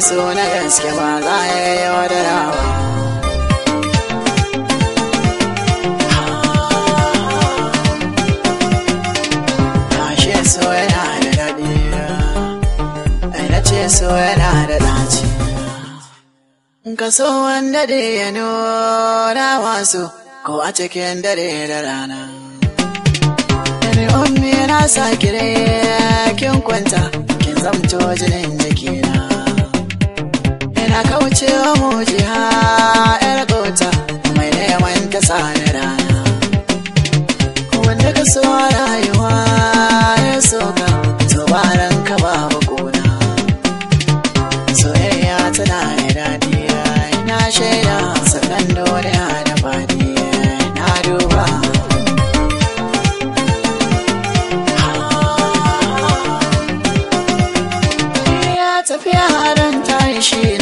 so na gaske ba za a yi da yawa. so yana da ka so wanda da ya nuna wasu ko a cikin dare da rana Yari ummi na sa kire kin kwanta kin zamto jinin jikina kauce wa mujiya yar gota mai neman ta sani rana wanda ka so rayuwa ya soka tubaran ka ba gona soyayya tana da daɗi ina shaida sakan dole da fadi na duba tafiya ran shi.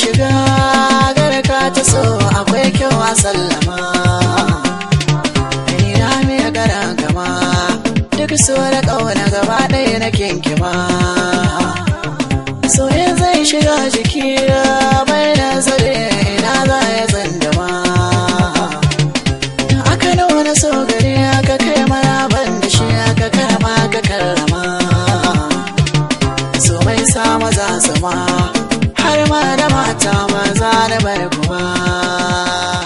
shiga garka ta so akwai kyau a sallama ni na me gara gama duk suwar ƙauna gaba ɗaya na kinkima so zai shiga jiki bai zare har ma da mata maza da bai kuma